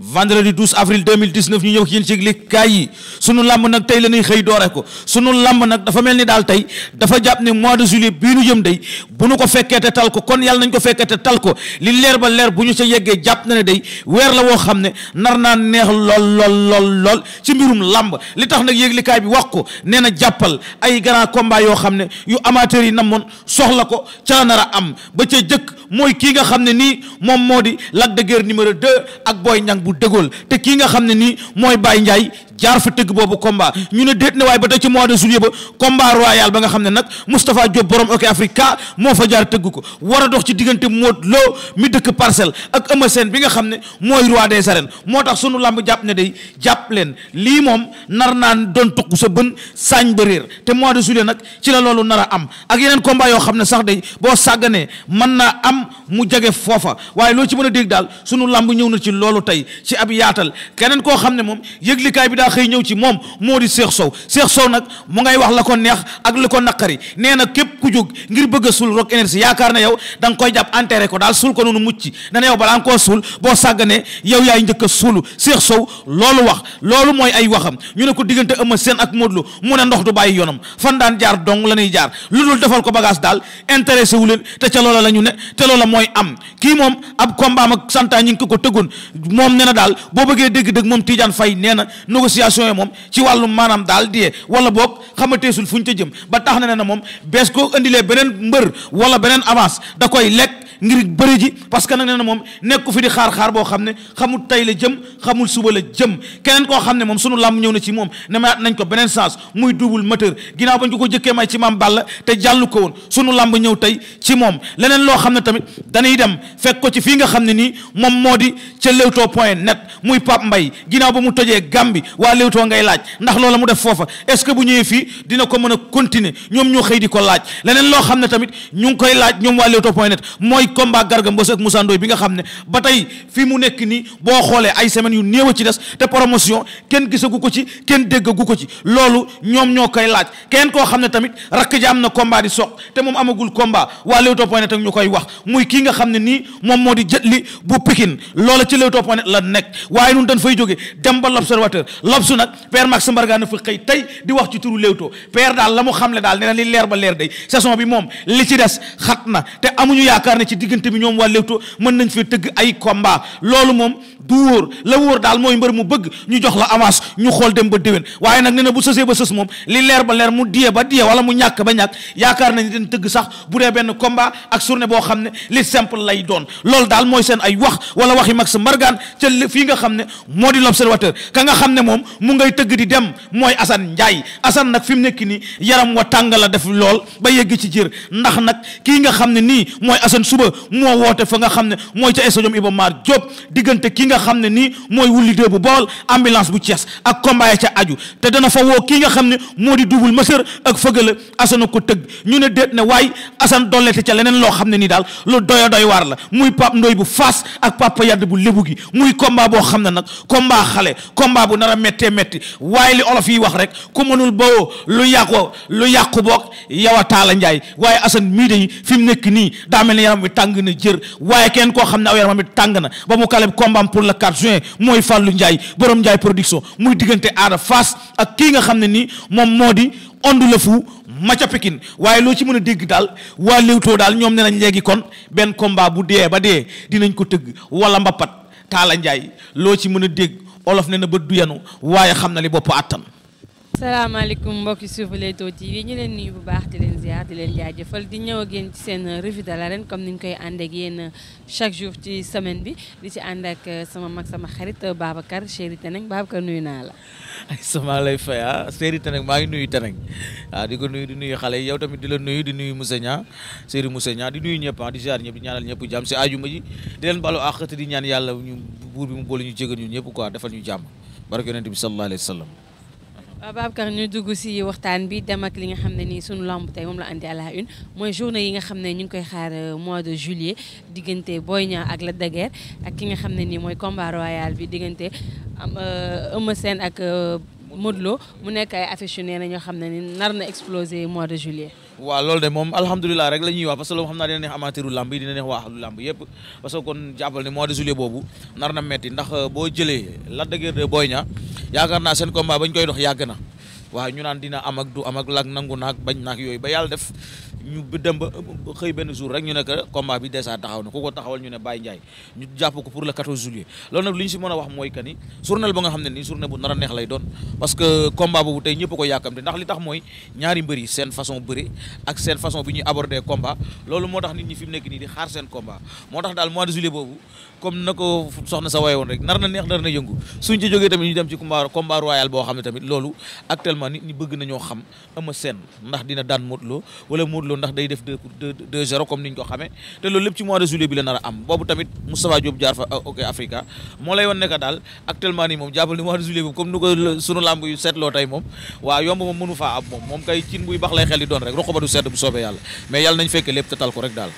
vendredi 12 avril 2019 ñu ñëw yéen ci yëglekaay yi sunu làmb nag tey la ñuy xëy doore ko sunu làmb nag dafa mel ni daal tey dafa jàpp ne mois de juillet bii nu jëm dey bu nu ko fekkee te tal ko kon yàlla nañ ko fekkee te tal ko li leer ba leer bu ñu sa yeggee jàpp na ne day weer la woo xam ne nar naa neex lool lool lool lool ci mbirum làmb li tax nag yëglekaay bi wax ko nee na jàppal ay grand combat yoo xam ne yu amateurs yi namoon soxla ko ca nar a am ba ca jëkk mooy kii nga xam ne nii moom moo di Lac de numéro 2 ak Boy Niang bu dëggool te kii nga xam ne nii mooy Baye Ndiaye jaar fa tëgg boobu combat ñu ne déet ne waaye ba tey ci mois de juillet ba combat royal ba nga xam ne nag Moustapha Diop borom OK Africa moo fa jaar tëgg ko war a dox ci diggante moo loo mi dëkk parcelle ak Eumeu Sène bi nga xam ne mooy roi des arènes moo tax sunu làmb jàpp ne day jàpp leen lii moom nar naa doon tukku sa bën saañ ba réer te mois de juillet nag ci la loolu nar a am ak yeneen combat yoo xam ne sax day boo sàgganee mën naa am mu jege foofa waaye loo ci mën a dégg daal sunu làmb ñëw na ci ab yaatal keneen koo xam ne moom yëglikaay bi daa xëy ñëw ci moom moo di Cheikh Sow Cheikh Sow nag mu ngay wax la ko neex ak la ko naqari nee na képp ku jóg ngir bëgg a suul Rock Énergie yaakaar na yow da nga koy jàpp enterré ko daal suul ko noonu mucc na ne balaa nga koo suul boo sàgganee yow yaay njëkk a suulu Cheikh Sow loolu wax loolu mooy ay waxam ñu ne ko diggante Eumeu Sène ak Modou mu ne ndox du bàyyi yoonam fan daan jaar dong la ñuy jaar lu dul defal ko bagage daal intéressé te ca loola la ñu ne te loola mooy am kii moom ab combat ak santa ñi ngi ko tëggoon moom nee na daal boo bëggee dégg-dégg moom Tidiane Faye nee na négociation yi moom ci wàllum maanaam daal diyee wala andilee beneen mbër wala beneen avance da koy lekk ngir bëri ji parce que nag nee na moom nekku fi di xaar-xaar boo xam ne xamul tey la jëm xamul suba la jëm keneen koo xam ne moom sunu làmb ñëw na ci moom ne nañ ko beneen sens muy double moteur ginnaaw bañ ko ko jëkkee may ci maam Balla te jàllu ko woon sunu làmb ñëw tey ci moom leneen loo xam ne tamit dañuy dem fekk ko ci fii nga xam ne nii moom moo di ca leewtoo point net muy Pape mbay ginnaaw ba mu tojee Gàmbi waa leewtoo ngay laaj ndax loola mu def foofa est-ce que bu ñëwee fii dina ko mën a continuer ñoom ñoo xëy di laaj leneen loo xam ne tamit ñu ngi koy laaj ñoom waa Leewtoo point net mooy combat Garga Mbossé ak Moussa bi nga xam ne ba tey fi mu nekk nii boo xoolee ay semaines yu néew a ci des te promotion kenn gisagu ko ci kenn déggagu ko ci loolu ñoom ñoo koy laaj kenn koo xam ne tamit rakk ji am na combat di soq te moom amagul combat waa Leewtoo point net ñu koy wax muy kii nga xam ne nii moom moo di jëtli bu Pikine loola ci Leewtoo point net la nekk waaye nun dañ fay jóge dem ba l'observateur lobsu nag père Max Mbargane na fa xëy tey di wax ci turu Leewtoo père daal la mu xam ne daal nee na leer ba leer day saison bi moom li ci des xat na te amuñu yaakaar na ci diggante bi ñoom waa Leewtoo mën nañ fee tëgg ay komba loolu moom du wóor la wóor daal mooy mbër mu bëgg ñu jox la avance ñu xool dem ba déwén waaye nag nee na bu sësee ba sës moom li leer ba leer mu diyee ba diyee wala mu ñàkk ba ñàkk yaakaar nañ den tëgg sax bu dee benn combat ak journée boo xam ne li simple lay doon loolu daal mooy seen ay wax wala waxi Max Mbargane ca fii nga xam ne moo di l'observateur ka nga xam ne moom mu ngay tëgg di dem mooy asan Ndiaye Assane nag fi mu nekk nii yaram wa tàng la def lool ba yegg ci jër ndax nag kii nga xam ne nii mooy Assane suba moo woote fa nga xam ne mooy ca stadium Iba Mar nga xam ne nii mooy wulli bu bool ambulance bu Thiès ak combat ya ca aju te dana fa woo kii nga xam ne moo di double mësër ak fëgala asana ko tëgg ñu ne déet ne waay asan dollete ca leneen loo xam ne nii daal lu doya doy waar la muy pap ndoy bu faas ak papa yadd bu lébu gi muy combat boo xam ne nag combat xale combat bu nar a méttee métti waaye li olof yi wax rek ku mënul bawoo lu yàqu lu yàqu boog yow a taala njaay waaye asan mii de fi mu nekk nii daa mel ne na jër waaye kenn koo xam ne aw le 4 juin mooy Fallou Ndiaye borom Ndiaye production muy diggante aada fas ak kii nga xam ne ni moom moo di ondu la fu maca Pikine waaye loo ci mën a dégg daal waa Leewtoo daal ñoom ne nañ léegi kon benn combat bu dee ba dee dinañ ko tëgg wala mbappat Taala Ndiaye loo ci mën a dégg olof ne na bët du yenu waaye xam na li bopp àttan salaamaaleykum mbokki suufu Leewtoo TV ñu leen nuyu bu baax di leen ziar di leen jaajëfal di ñëw ak yéen ci seen revue de ren comme ni ñu koy ànd ak yéen chaque jour ci semaine bi di ci ànd sama mag sama xarit Babacar Chéri Teneng Babacar nuyu naa la. ay sama lay fay ah Chéri Teneng maa ngi nuyu Teneng ah, di ko nuyu di nuyu xale yow tamit di la nuyu di nuyu Moussa Niang Chéri Moussa Niang di nuyu ñëpp ah di ziar ñëpp di ñaanal ñëpp jàmm si ajuma ji di di ñaan yàlla ñu buur bi mu boole ñu jégal ñu ñëpp quoi defal ñu jàmm barke bi sallallahu alayhi wa Euh, Babacar ñu dugg si waxtaan bi dem ak li nga xam ne nii suñu lamb tey moom la indi à la une mooy journée yi nga xam ne ñu ngi koy xaar euh, mois de juillet diggante booy Niang ak la de ak ki nga xam ne nii mooy combat royal bi diggante euh, Eumeu Sène ak. Modou mu nekk ay affiches yu xam ne ni nar na exploser mois de juillet. waaw loolu de moom alhamdulilah rek la ñuy wax parce que loolu xam naa dina neex amateuru làmb yi dina neex waa axlu làmb yëpp parce que kon jàppal ne mois de juillet boobu nar na metti ndax boo jëlee Lac de Guiers 2 Boy yaakaar naa seen combat bañ koy dox yàgg na. waaw ñu naan dina am ak du am ak lak nangu naag bañ naag yooyu ba yàlla def ñu dem ba xëy benn jour rek ñu ne que combat bi dèjà taxaw na ku ko taxawal ñu ne Baye Ndiaye ñu jàpp ko pour le 14 juillet loolu a wax mooy que ni journée ba nga xam ne nii journée bu nar a neex lay doon parce que moo tax nit ñi fi mu nekk nii di xaar seen combat moo tax daal mois de juillet boobu comme na ko soxna sa waye woon rek nar na neex nar na yëngu suñ ci jógee tamit ñu dem ci combat combat boo xam ne tamit loolu actuellement actuellement nit ñi bëgg nañoo xam Eumeu Sène ndax dina daan Modou Lo wala Modou Lo ndax day def deux deux zéro comme niñ ko xamee te loolu lépp ci mois de juillet bi la nar a am boobu tamit Moustapha Diop jaar fa euh, OK Africa moo lay wan ne que daal actuellement nii moom jàppal ni mois de juillet bi comme nu ko sunu làmb yu seetloo tey moom waaw yomb moom mënu faa am moom kay cin buy bax lay xel di doon rek roqo sedd bu soobee yàlla mais yàlla nañ fekkee lépp te ko rek daal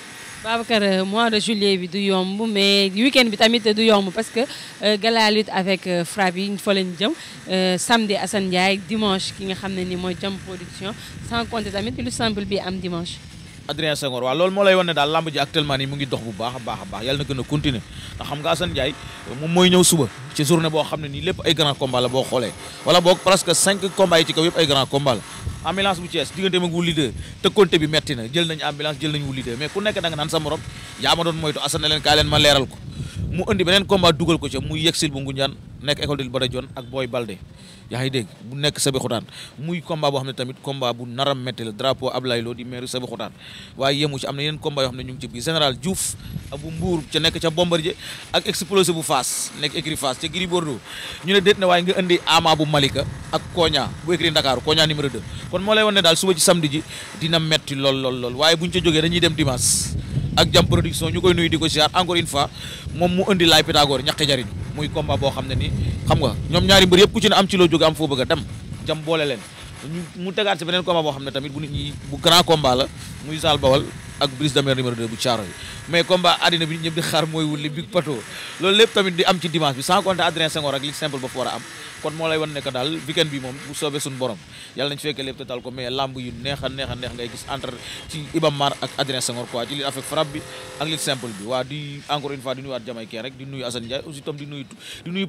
Babacar euh, mois de juillet bi du yomb mais week bi tamit du yomb parce que euh, gala lutte avec euh, frappe yi fa lañ jëm samedi Assane Ndiaye dimanche ki nga xam ne nii mooy jam production sans compter tamit lu simple bi am dimanche. Adrien Senghor waaw loolu moo lay wan ne daal lamb ji actuellement nii mu ngi dox bu baax a baax a baax yàlla na gën a continuer ndax xam nga Assane Ndiaye moom mooy ñëw suba ci journée boo xam ne nii lépp ay grand combat la boo xoolee wala boog presque cinq combats yi ci ambulance bu Thiès diggante ma wulli de te compte bi metti na jël nañ ambulance jël nañ wulli mais ku nekk da nga naan sa morom yaa ma doon moytu asana leen kaa leen ma leeral ko mu indi beneen combat dugal ko ca muy yegsil bu Ngunjaan nekk école de Bada Dione ak Boy Balde yaa ngi dégg bu nekk Sébikotane muy combat boo xam ne tamit combat bu naram métti la drapeau Ablaye Lo di maire Sébikotane waaye yemu ci am na yeneen combat yoo xam ne ñu ngi ci biir général Diouf bu Mbour ca nekk ca Bombardier ak explosé bu faas nekk écrit Fass ca Gris Bordeaux ñu ne déet na waaye nga indi Ama bu Malika ak Koña bu écrit Ndakaaru Koña numéro de kon moo lay wan ne daal suba ci samedi ji dina metti lool lool lool waaye buñ ca jógee dañuy dem dimanche ak jam production ñu koy nuyu di ko siyaar encore une fois moom mu indi laay Pythagore ñaqi jariñ muy combat boo xam ne ni xam nga ñoom ñaari mbër yëpp ku ci ne am ci loo jóge am foo bëgg a dem jam boole leen mu tegaat si beneen combat boo xam ne tamit bu nit ñi bu grand combat la muy Zal Bawal ak brise de mer numéro bu caaro yi mais combat àddina bi ñëpp di xaar mooy wulli big pato loolu lépp tamit di am ci dimanche bi sans compter Adrien Senghor ak li simple ba fa a am kon moo lay wan ne que daal weekend bi moom bu soobee suñu borom yàlla nañ fekkee lépp ko mais lamb yu neex a neex ngay gis entre ci Iba Mar ak Adrien Senghor quoi li avec frappe bi ak li simple bi waa di encore une fois di nuyuwaat Jamaïcain rek di nuyu di nuyu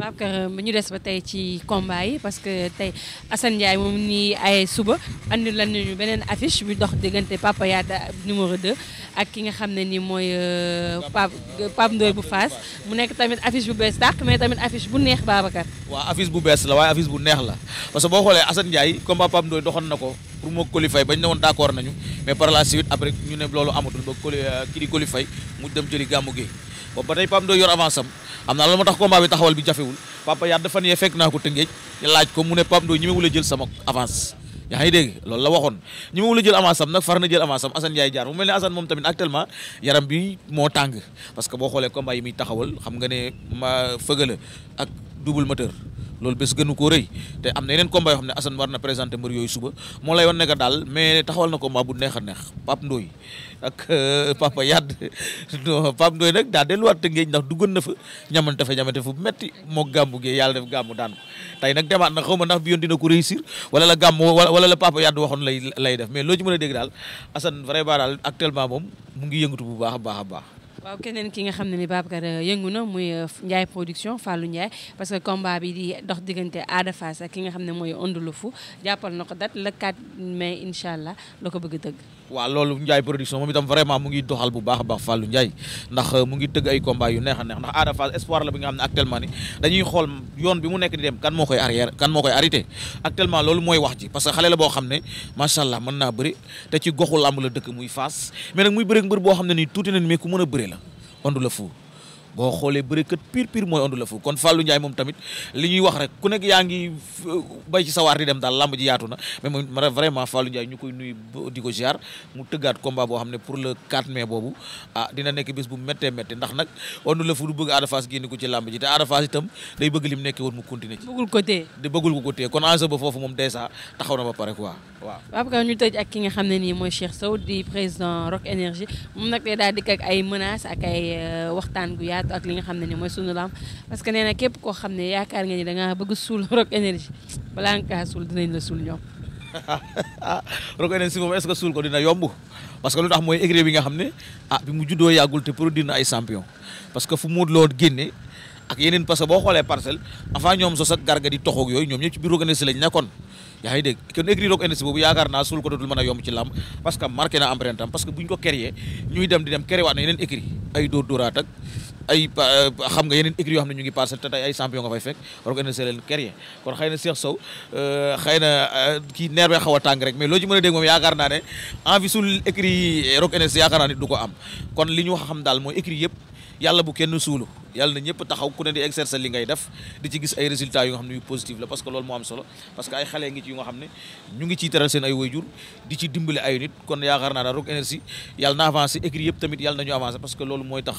Babacar euh, ñu des ba tey ci combat yi parce que tey Assane Ndiaye moom nii ay suba andi lan ñu beneen affiche bi dox diggante Papa Yada numéro 2 ak ki nga xam ne nii mooy euh, Pape Pape Ndoye bu Fass mu nekk tamit affiche bu bees tàq mais tamit affiche bu neex Babacar. waaw affiche bu bees la waaye affiche bu neex la parce que boo xoolee Assane Ndiaye combat Pape Ndoye doxoon na ko pour moo qualifier bañ ne woon d'accord nañu mais par la suite après ñu ne loolu amatul ba quali euh, kii di qualifier mu dem jëli gàmmu gi. boobu ba tey Pape Ndoye yor am xam naa loolu moo tax combat bi taxawal bi jafewul Papa Yade dafa ne fekk naa ko tëngeej laaj ko mu ne Pape Ndoye ñemewul a jël sama avance yaa ngi dégg loolu la waxoon ñemewul a jël avance am nag far na jël avance am Assane Ndiaye jaar mu mel ne Assane moom tamit actuellement yaram bi moo tàng parce que boo xoolee combat yi muy taxawal xam nga ne ma fëgala ak double moteur loolu bés gënu koo rëy te am na yeneen combat yoo xam ne Assane war na présenté mbër yooyu suba moo lay wan nekk daal mais taxawal na combat bu neex a neex Pape Ndoye ak euh, Papa Yade Pape Ndoye nag daa delluwaat Tëngéej ndax duggoon na fa ñamante fa ñamante fu metti moo gàmmu gee yàlla def gàmmu daan ko tey nag demaat na xaw ma ndax bi yoon dina ko réussir wala la gàmmu wala la Papa Yade waxoon lay lay def mais loo ci mën a dégg daal Assane vraiment daal actuellement moom mu ngi yëngatu bu baax a baax a baax waaw keneen ki nga xam ne ni Babacar euh, yëngu na muy euh, Ndiaye production Fallou Ndiaye parce que combat bi di dox diggante Ada Fass ak ki nga xam ne mooy Onde le Fou jàppal na ko date le 4 mai incha allah la ko bëgg a dëgg. waaw loolu Ndiaye production moom itam vraiment mu ngi doxal bu baax a baax Fallou Ndiaye ndax euh, mu ngi tëgg ay combat yu neex a neex ndax Ada Fass espoir la bi nga xam ne actuellement ni dañuy xool yoon bi mu nekk di dem kan moo koy arrière kan moo koy arrêté actuellement loolu mooy wax ci parce que xale la boo xam ne macha allah mën naa bëri te ci goxu làmb dëkk muy Fass mais nag muy bëri mbër boo xam ne nii tuuti nañ mais ku mën a bëri la ondu la fou boo xoolee bërekat pire pire mooy Onde le Fou kon Fallou Ndiaye moom tamit li ñuy wax rek ku nekk yaa ngi euh, bay ci sawaar di dem daal lamb ji yaatu na mais moom vraiment Fallou mu tëggaat combat ah, ndax nag Onde le du bëgg Ada Fass ko ci lamb ji te Ada itam day bëgg lim nekkee woon mu continuer ci. bëggul ko téye kon enjeu ba foofu moom déjà taxaw na ba pare quoi waaw. waaw ñu tëj ak ki nga xam ne nii mooy Cheikh Sow président Rock Énergie moom nag day yaatu ak li nga xam ne ni mooy sunu lamb parce que nee na képp xam ne yaakaar nga ni dangaa bëgg suul Rock Énergie balaa nga kaa suul ah, dina yomb parce que ah, fu mu loo génne ak yeneen parce que boobu yaakaar naa suul ko dootul mën a yomb ci làmb parce que marqué na empreinte am parce que buñ ko créé ñuy dem di dem créé waat na yeneen écurie ay dóor dóoraat ay euh, xam nga yeneen écuries yoo xam ne ñu ngi parcelle te tey ay champion nga fay fekk organiser na Cheikh Sow euh, xëy euh, a tàng ci ñu wax xam daal mooy écurie yëpp yàlla bu kenn suulu yàlla ñëpp taxaw ku ne di exercer li ngay def di ci gis ay résultats yu nga xam ne yu positif teral seen ay wayjur di ci dimbali ay nit kon yaakaar naa daal Rock Énergie yàlla na avancé écurie yëpp tamit yàlla na ñu avancé parce que loolu mooy tax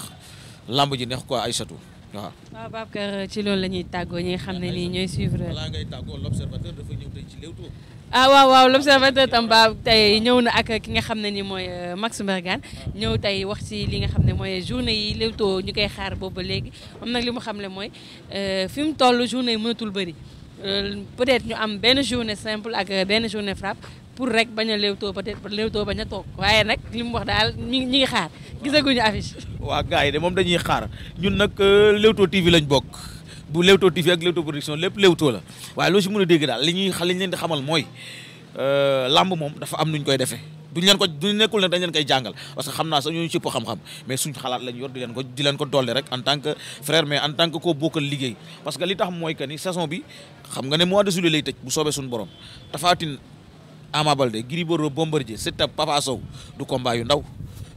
lamb ji neex ko Aïssatou waaw. waaw Babacar ci lool la ñuy tàggoo ñi nga xam ne nii ñooy suivre. balaa ngay tàggoo l'observateur dafa ñëw tey ci Leewtoo. ah waaw waaw l'observateur tam ba tey ñëw na ak ki nga xam ne nii mooy euh, Max Mbergane ah. ñëw tey wax ci li nga xam ne mooy journée yi Leewtoo ñu koy xaar boobu ba léegi moom nag li mu xam ne mooy euh, fi mu toll journée yi mënatul bëri euh, peut-être ñu am benn journée simple ak benn journée frappe pour rek bañ a léewtoo peut-être léewtoo bañ a toog waaye nag li mu wax daal ñi ngi xaar gisaguñu affiche. waa gars de moom dañuy xaar ñun nag euh, Leewtoo TV lañ bokk bu Leewtoo TV ak Leewtoo production lépp Leewtoo la waaye loo si mën a dégg daal li ñuy li leen di xamal mooy euh, làmb moom dafa am nuñ koy defee. duñ leen ko duñ nekkul ne dañ leen koy jàngal parce que xam naa sax ñooñu cëpp xam-xam mais suñ xalaat lañ yor di leen ko di leen ko dolli rek en tant que frère mais en tant que koo bokkal liggéey ni saison bi xam nga ne mois de juillet lay tëj Ama Baldé Gris Bordeaux Bombardier Siteu Papa Sow du combat yu ndaw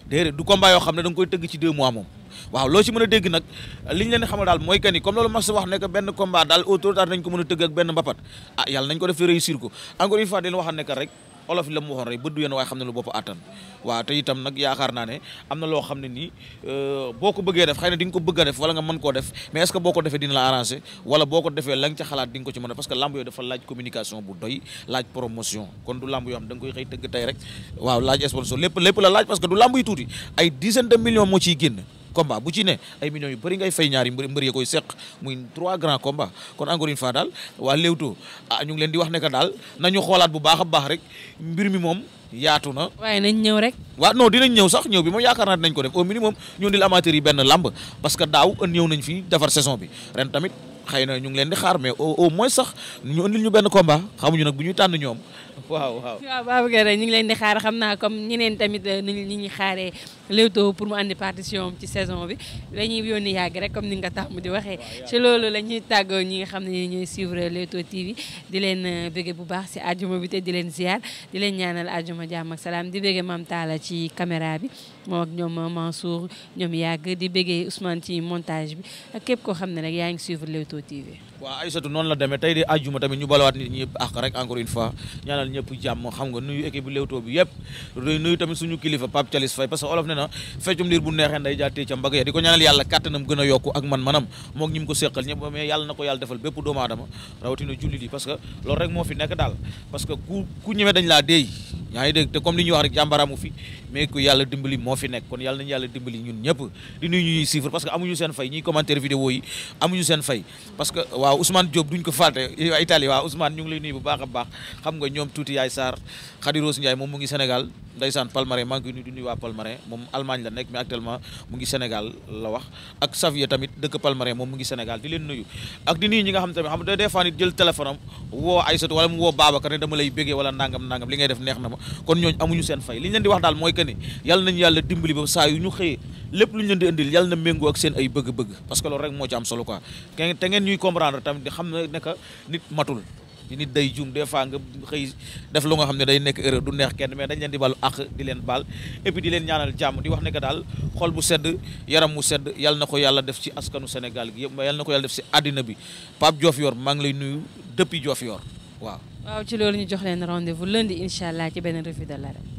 déedéet du combat xam ne da koy tëgg ci deux moom waaw loo ci mën a dégg nag li ñu leen xamal daal mooy que ni comme loolu mas wax ne que benn combat daal au nañ ko mën a tëgg ak benn mbapat ah yàlla nañ ko def réussir ko encore une fois dañ waxal ne rek olof la mu waxoon rek bët du yéen waaye xam ne lu bopp attan waaw te itam nag yaakaar naa ne am na loo xam ne nii euh, boo ko bëggee def xëy na di ko bëgg a def wala nga mën koo def mais est ce que boo ko defee dina la arrangé wala boo ko defee la ca xalaat di ko ci mën a parce que lamb yooyu dafa laaj communication bu doy laaj promotion kon du lamb yoo xam da koy xëy tëgg tey rek waaw laaj sponsor lépp lépp la laaj parce que du lamb yu tuuti ay combat bu ci ne ay millions yu bëri ngay fay ñaari mbër koy seq muy trois grands combats kon encore une fois daal waa Leewtoo ah ñu ngi leen di wax ne que daal nañu xoolaat bu baax a baax rek mbir mi moom yaatu na. waaye nañ ñëw rek. waaw non dinañ ñëw sax ñëw bi moom yaakaar naa dinañ ko def au minimum ñu ndil amateur yi benn lamb parce que daaw ñëw nañ fi defar saison bi ren tamit xëy na ñu ngi leen di xaar mais au moins sax ñu indil ñu benn combat xamuñu nag bu tànn ñoom waaw waaw waaw Babacar ñu ngi leen di xaar xam naa comme ñeneen tamit euh, ni ñi ñuy xaaree Leewtoo pour mu andi partition ci saison bi dañuy yónni yàgg rek comme ni nga tàmm di waxee ci loolu la ñuy tàggoo ñi nga xam ne ñooy suivre Leewtoo TV di leen euh, bëgge bu baax si àjjuma bi te di leen ziar di leen ñaanal àjjuma jàmm ak salaam di bëgge Mame taala ci caméra bi moo ak ñoom euh, Mansour ñoom yàgg di bëggee Ousmane ci montage bi ak képp koo xam ne rek yaa ngi suivre Leewtoo TV waaw Aïssatou noonu la demee tey di ajuma tamit ñu balawaat nit ñi ak rek encore une fois ñaanal ñëpp jàmm xam nga nuyu équipe bi Leewtoo bi yëpp nuyu tamit suñu kilifa Pape olof ne na liir bu neexee nday jaatee ca mbagg ya di ko ñaanal yàlla defal bépp doomu aadama rawatina jullit yi parce que rek moo fi nekk daal parce ku ku dañ laa deey yaa ngi te comme li wax rek jàmbaraamu fi mais ku yàlla dimbali moo fi nekk kon yàlla dimbali ñun ñëpp di nuyu ñuy suivre parce amuñu seen fay ñuy commentaire vidéo yi amuñu seen fay parce que tuuti yaay Sarr Khady Rose Ndiaye moom mu ngi Sénégal ndeysaan Palmarin maa ngi koy nuyu di nuyu waa Palmarin moom Allemagne la nekk mais actuellement mu ngi Sénégal la wax ak Xavier tamit dëkk Palmarin moom mu ngi Sénégal di leen nuyu ak di nuyu ñi nga xam tamit xam des fois nit jël téléphone am woo Aïssatou wala mu woo Babacar ne dama lay béggee wala nangam nangam li ngay def neex na ma kon ñooñu amuñu seen fay li ñu leen di wax daal mooy que ni yàlla nañu ñu yàlla na moo ci am solo quoi te ngeen ñuy di nit day jum des fois nga xëy def lu nga xam ne day nekk erreur du neex kenn mais dañ leen balu àq di leen baal et di leen ñaanal jàmm di wax ne daal xol bu sedd yaram mu sedd yal na ko yàlla def ci askanu Sénégal gi yëpp mais yal na ko yàlla def si àddina bi Pape Diofior maa lay nuyu depuis Diofior waaw. ci loolu ñu jox leen rendez vous lundi ci benn revue de l'arène